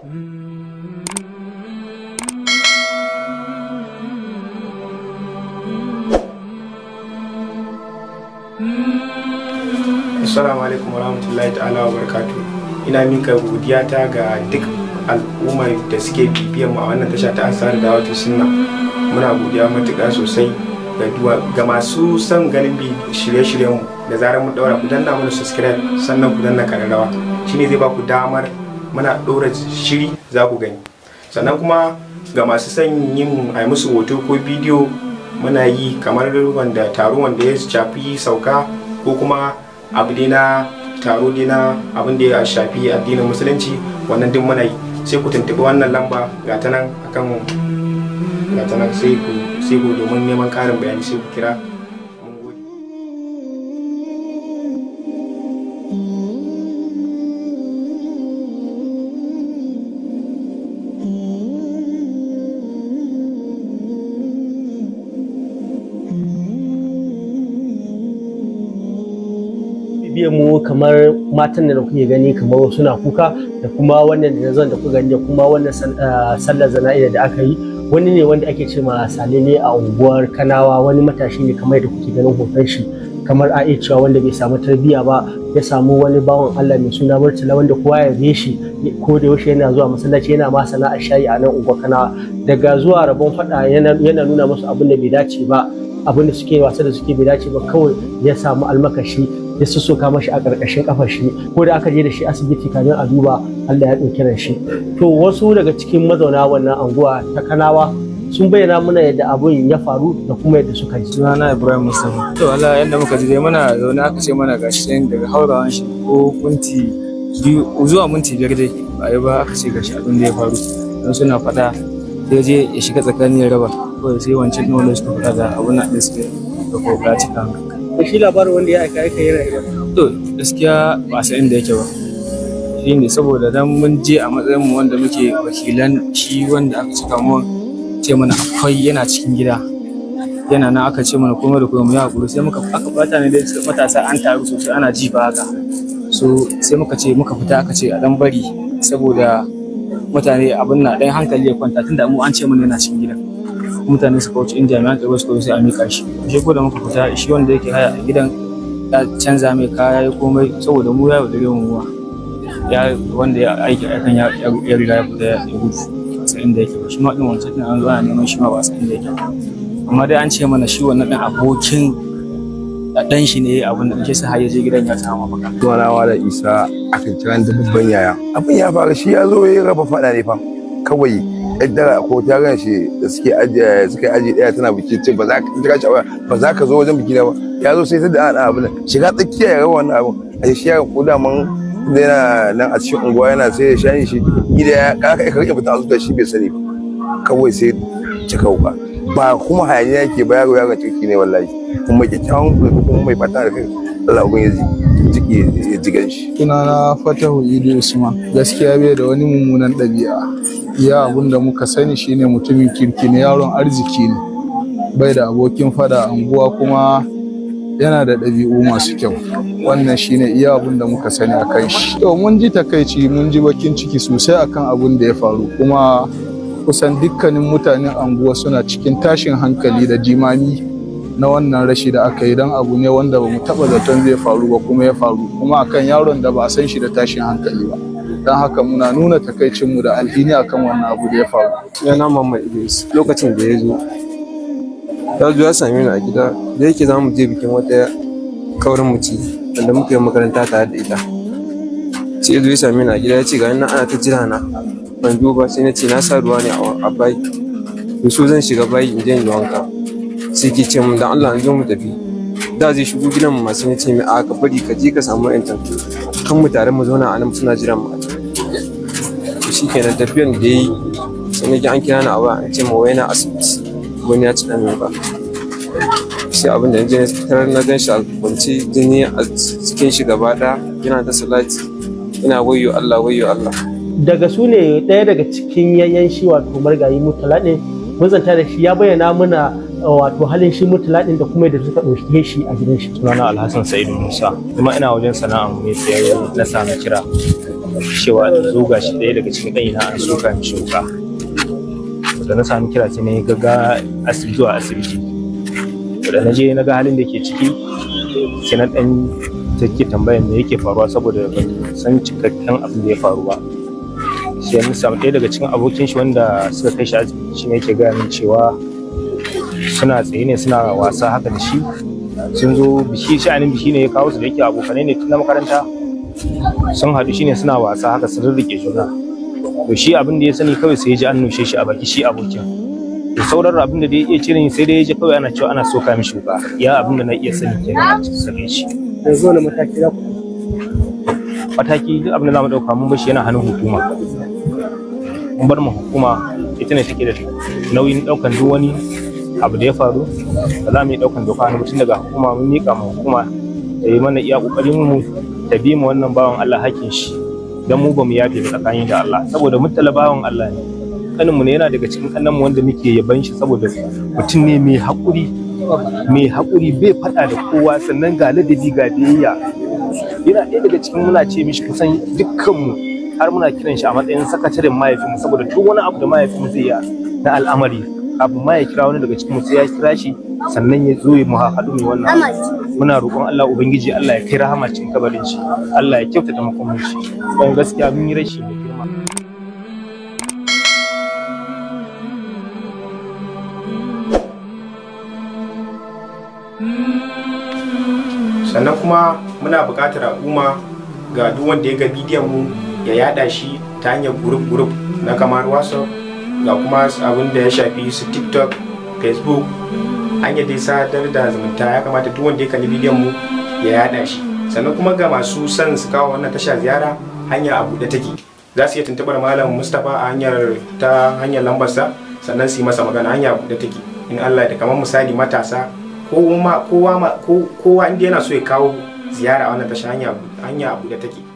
Assalamu alaikum warahmatullahi ta'ala wa barkatu. Ina minka godiyata ga duk al'ummar da suke bibiyar mu a wannan tasha ta asar da wata sunna. Muna godiya matuƙa sosai ga masu son ganin bi shirye-shiryen mu da zarar mun daura ku danna mana subscribe sannan ku danna kararrawa. Shine zai ba ku damar muna ɗora shiri za ku gani sannan kuma ga masu son yin a musu hoto ko bidiyo muna yi kamar wanda taro wanda ya shafi sauka ko kuma abu dai na taro na abin da ya shafi addinin musulunci wannan duk muna yi sai ku tuntuɓi wannan lamba ga ta nan akan ga sai ku domin neman karin bayani sai ku kira bibiye mu kamar matan da kuke gani kamar suna kuka da kuma wannan da zan da kuka gani da kuma wannan eh, sallar zana'ida da aka yi wani ne wanda ake ce ma salele a unguwar kanawa wani matashi ne kamar da kuke ganin hoton shi kamar a cewa wanda bai samu tarbiyya ba ya samu wani bawan Allah mai suna Murtala wanda kowa ya zai shi ko da yaushe yana zuwa masallaci yana ma sana'ar shayi a nan unguwar kanawa daga zuwa rabon fada yana nuna musu abin da bai dace ba abin da suke wasa da suke bai dace ba kawai ya samu almakashi ya sussuka mashi a ƙarƙashin kafar shi ko da aka je da shi asibiti kafin a duba Allah ya ɗauki ran shi to wasu daga cikin mazauna wannan anguwa ta Kanawa sun bayyana mana yadda abun ya faru da kuma yadda suka ji sunana Ibrahim Mustafa to Allah yadda muka ji dai muna zaune aka ce mana gashi sai daga haurawan shi ko kunti biyu zuwa minti biyar dai ba ba aka ce gashi abin da ya faru don suna faɗa ya je ya shiga tsakanin raba raba kawai sai wancan ɗin wanda suka da abun na ɗin suke da koka cika Ko shi labarin wanda ya aika aika yana ira to gaskiya ba san inda yake ba shi ne saboda dan mun je a matsayin mu wanda muke wakilan shi wanda aka cika mu ce mana akwai yana cikin gida yana nan aka ce mana komai da komai mu yi hakuri sai muka aka bata ne dai matasa an taru sosai ana ji ba haka so sai muka ce muka fita aka ce a dan bari saboda mutane abin na ɗan hankali ya kwanta tunda mu an ce mun yana cikin gidan mutane suka wuce inda jami'an tsaro suka sai a mika shi shi ko da muka fita shi wanda yake haya a gidan ya canza mai kaya ya komai saboda mu ya yaudare mu ruwa ya wanda ya aiki aikan ya riga ya fita ya gudu sai inda yake ba shi ma ɗin wancan ɗin an zo ana neman shi ma ba san inda yake amma dai an ce mana shi wannan ɗin abokin dan shi ne abin da ke sa har yaje gidan ya samu mafaka tunawa wala isa akan kira da babban yaya abin ya faru shi ya zo ya raba fada ne fa kawai yaddara ko ta gan shi da suke suke aji daya tana biki ce ba za ka jira shi ba za ka zo wajen biki na ba ya zo sai sai da ana abin shiga tsakiya ya rawa wannan abin a shi ya ko da mun da yana nan a cikin unguwa yana sai ya shani shi gida ya ka ka karɓi fita a da shi bai sani kawai sai cika wuka ba kuma hayaniya yake ba yaro yaro ciki ne wallahi kuma kyakkyawan kuma kuma mai fata da kai Allah ya jigan shi sunana Fatahu Idi Usman gaskiya bai da wani mummunan ɗabi'a ya abun da muka sani shine mutumin kirki ne yaron arziki ne bai da abokin fada anguwa kuma yana da ɗabi'u masu kyau wannan shine iya abun da muka sani a shi to mun ji takaici mun ji bakin ciki sosai akan abun da ya faru kuma kusan dukkanin mutanen anguwa suna cikin tashin hankali da jimami na wannan rashi da aka yi don abu ne wanda ba mu taɓa zaton zai faru ba kuma ya faru kuma akan yaron da ba a san shi da tashin hankali ba don haka muna nuna takaicinmu da alhini akan wannan abu da ya faru ya na mamma idris lokacin da ya zo ya zo ya same ni a gida da yake za mu je bikin wata kaurin mu ci wanda muka yi makaranta tare da ita sai ya zo ya same ni a gida ya ce ga nan ana ta jira na ban duba sai na ce na sa ruwa ne a bai. to so zan shiga bai in je in wanka sai ke ce mun da Allah an zo mu tafi da zai shigo gidan mu sai na ce mai a ka bari ka je ka samu yan tantu kan mu tare mu zauna a nan suna jiran mu to shikenan tafiyan da yi sai nake an kira ni a waya an ce mu wai na asibiti wani ya ci dan ba shi abin da na je na tarar na gan shi a kwance jini a cikin shi gaba ɗaya yana ta salati ina wayo Allah wayo Allah daga su ne ɗaya daga cikin yayan shi wato margayi mutala ɗin mun zanta da shi ya bayyana mana uh, wato halin shi mutala ɗin da kuma yadda suka ɗauke shi a gidan shi. Sunana Alhassan Sa'idu Musa kuma ina wajen sana'a mai sayar na sana kira cewa da zo shi ɗaya daga cikin ɗanina an soka mi shuka. Da na sami kira ce yi gaga zuwa asibiti. Da na je na ga halin da ke ciki sai na ɗan take tambayar me yake faruwa saboda ban san cikakken abin da ya faru ba. sai mun samu ɗaya daga cikin abokin shi wanda suka kai shi asibiti shi ne yake gaya min cewa suna tsaye ne suna wasa haka da shi sun zo biki sha'anin biki ne ya kawo su da yake abokanai ne tun na makaranta sun haɗu shi ne suna wasa haka sun rike juna to shi abin da ya sani kawai sai ya ji an nushe shi a baki shi abokin to sauran abin da ya iya cirin sai dai ya ji kawai ana cewa ana soka mishi wuka ya abin da na iya sani ke na cikin sirrin shi yanzu wani mataki za ku mataki duk abin da za mu ɗauka mun bashi yana hannun hukuma bar mu hukuma ita ne take da nauyin daukan duk wani abu da ya faru ba za mu yi daukan doka na mutum daga hukuma mun mika mu hukuma ta yi mana iya kokarin mu ta bi mu wannan bawan Allah hakkin shi dan mu ba mu yafe da tsakanin da Allah saboda mutala bawan Allah ne kanin mu ne yana daga cikin kannan mu wanda muke yaban shi saboda mutum ne mai hakuri mai hakuri bai fada da kowa sannan ga ladabi ga biyayya yana ɗaya daga cikin muna ce mishi kusan dukkan mu har muna kiran shi a matsayin sakataren mahaifinmu saboda duk wani abu da mahaifinmu zai yi na al'amari kafin ma ya kira wani daga cikin sai ya kira shi sannan ya zo ya mu haɗu mu wannan muna roƙon Allah ubangiji Allah ya kai rahama cikin kabarin shi Allah ya kyautata makomin shi don gaskiya mun yi rashi mai girma sannan kuma muna buƙatar al'umma ga duk wanda ya ga bidiyon mu ya yada shi ta hanyar group group na kamar whatsapp ga kuma abin da ya shafi su tiktok facebook hanyar dai sadar da zumunta ya kamata duk wanda ya kalli bidiyon mu ya yada shi sannan kuma ga masu son su kawo wannan tasha ziyara hanya a buɗe take za su iya tuntuɓar malam mustapha a hanyar ta hanyar lambarsa sannan su yi masa magana hanya a buɗe take in allah da kamar misali matasa kowa kowa kowa inda yana so ya kawo ziyara a wannan tasha hanya a buɗe take